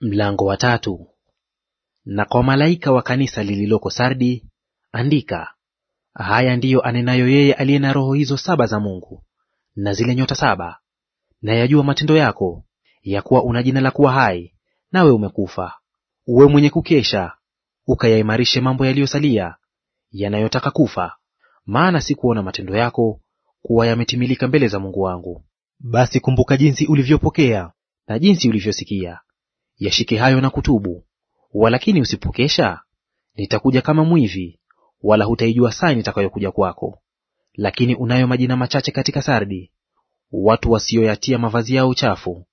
Mlango wa tatu. Na kwa malaika wa kanisa lililoko Sardi andika, haya ndiyo anenayo yeye aliye na roho hizo saba za Mungu na zile nyota saba. Na yajua matendo yako, ya kuwa una jina la kuwa hai, nawe umekufa. Uwe mwenye kukesha, ukayaimarishe mambo yaliyosalia yanayotaka kufa, maana sikuona matendo yako kuwa yametimilika mbele za Mungu wangu. Basi kumbuka jinsi ulivyopokea na jinsi ulivyosikia yashike hayo na kutubu. Walakini usipokesha, nitakuja kama mwivi, wala hutaijua saa nitakayokuja kwako. Lakini unayo majina machache katika Sardi, watu wasioyatia mavazi yao uchafu,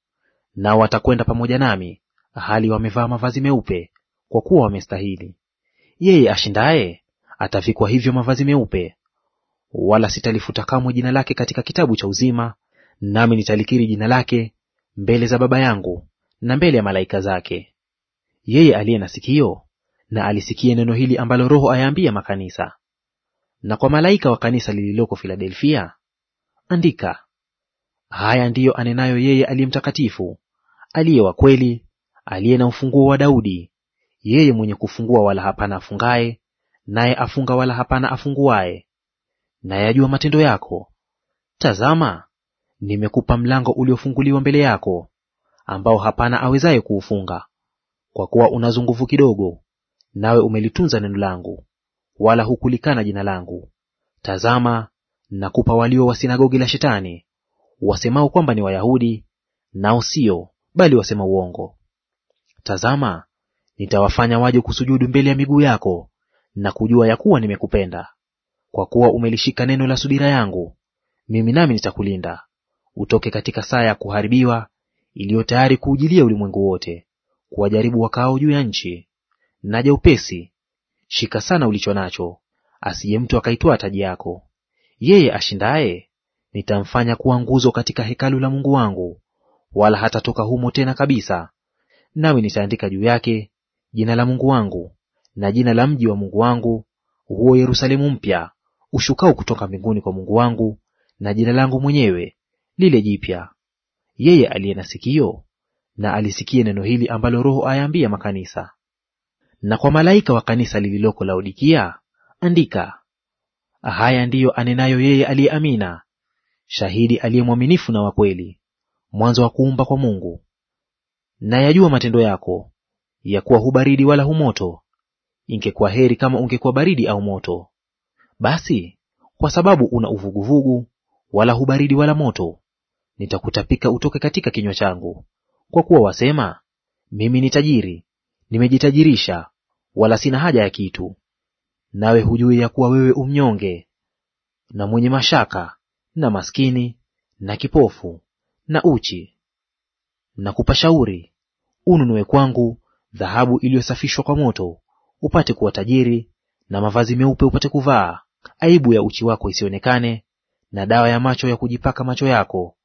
nao watakwenda pamoja nami hali wamevaa mavazi meupe, kwa kuwa wamestahili. Yeye ashindaye atavikwa hivyo mavazi meupe. Wala sitalifuta kamwe jina lake katika kitabu cha uzima, nami nitalikiri jina lake mbele za Baba yangu na mbele ya malaika zake. Yeye aliye na sikio na alisikie neno hili ambalo Roho ayaambia makanisa. Na kwa malaika wa kanisa lililoko Filadelfia andika: haya ndiyo anenayo yeye aliye mtakatifu, aliye wa kweli, aliye na ufunguo wa Daudi, yeye mwenye kufungua wala hapana afungaye, naye afunga wala hapana afunguaye. nayajua matendo yako. Tazama, nimekupa mlango uliofunguliwa mbele yako ambao hapana awezaye kuufunga. Kwa kuwa una zunguvu kidogo, nawe umelitunza neno langu, wala hukulikana jina langu. Tazama, nakupa walio wa sinagogi la Shetani, wasemao kwamba ni Wayahudi, nao sio, bali wasema uongo. Tazama, nitawafanya waje kusujudu mbele ya miguu yako na kujua ya kuwa nimekupenda. Kwa kuwa umelishika neno la subira yangu, mimi nami nitakulinda utoke katika saa ya kuharibiwa iliyo tayari kuujilia ulimwengu wote, kuwajaribu wakaao juu ya nchi. Naja upesi; shika sana ulicho nacho, asije mtu akaitwaa taji yako. Yeye ashindaye nitamfanya kuwa nguzo katika hekalu la Mungu wangu, wala hatatoka humo tena kabisa. Nami nitaandika juu yake jina la Mungu wangu na jina la mji wa Mungu wangu, huo Yerusalemu mpya ushukao kutoka mbinguni kwa Mungu wangu, na jina langu mwenyewe lile jipya yeye aliye na sikio na alisikie neno hili ambalo Roho ayaambia makanisa. Na kwa malaika wa kanisa lililoko Laodikia andika: haya ndiyo anenayo yeye aliye Amina, shahidi aliye mwaminifu na wa kweli, mwanzo wa kuumba kwa Mungu. Na yajua matendo yako, ya kuwa hu baridi wala hu moto; ingekuwa heri kama ungekuwa baridi au moto. Basi kwa sababu una uvuguvugu, wala hu baridi wala moto, nitakutapika utoke katika kinywa changu. Kwa kuwa wasema, mimi ni tajiri, nimejitajirisha, wala sina haja ya kitu. Nawe hujui ya kuwa wewe umnyonge na mwenye mashaka na maskini na kipofu na uchi. Na shauri, ununue kwangu dhahabu iliyosafishwa kwa moto, upate kuwa tajiri, na mavazi meupe upate kuvaa, aibu ya uchi wako isionekane, na dawa ya macho ya kujipaka macho yako,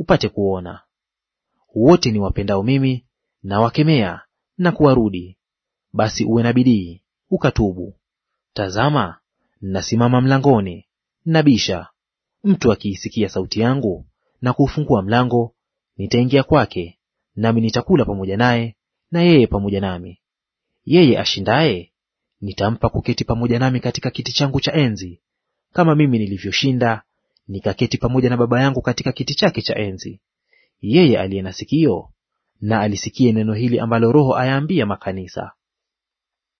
upate kuona. Wote ni wapendao mimi nawakemea na kuwarudi. Basi uwe na bidii ukatubu. Tazama, nasimama mlangoni, nabisha. Mtu akiisikia sauti yangu na kuufungua mlango, nitaingia kwake, nami nitakula pamoja naye na yeye pamoja nami. Yeye ashindaye nitampa kuketi pamoja nami katika kiti changu cha enzi, kama mimi nilivyoshinda nikaketi pamoja na baba yangu katika kiti chake cha enzi. Yeye aliye na sikio na alisikie neno hili ambalo Roho ayaambia makanisa.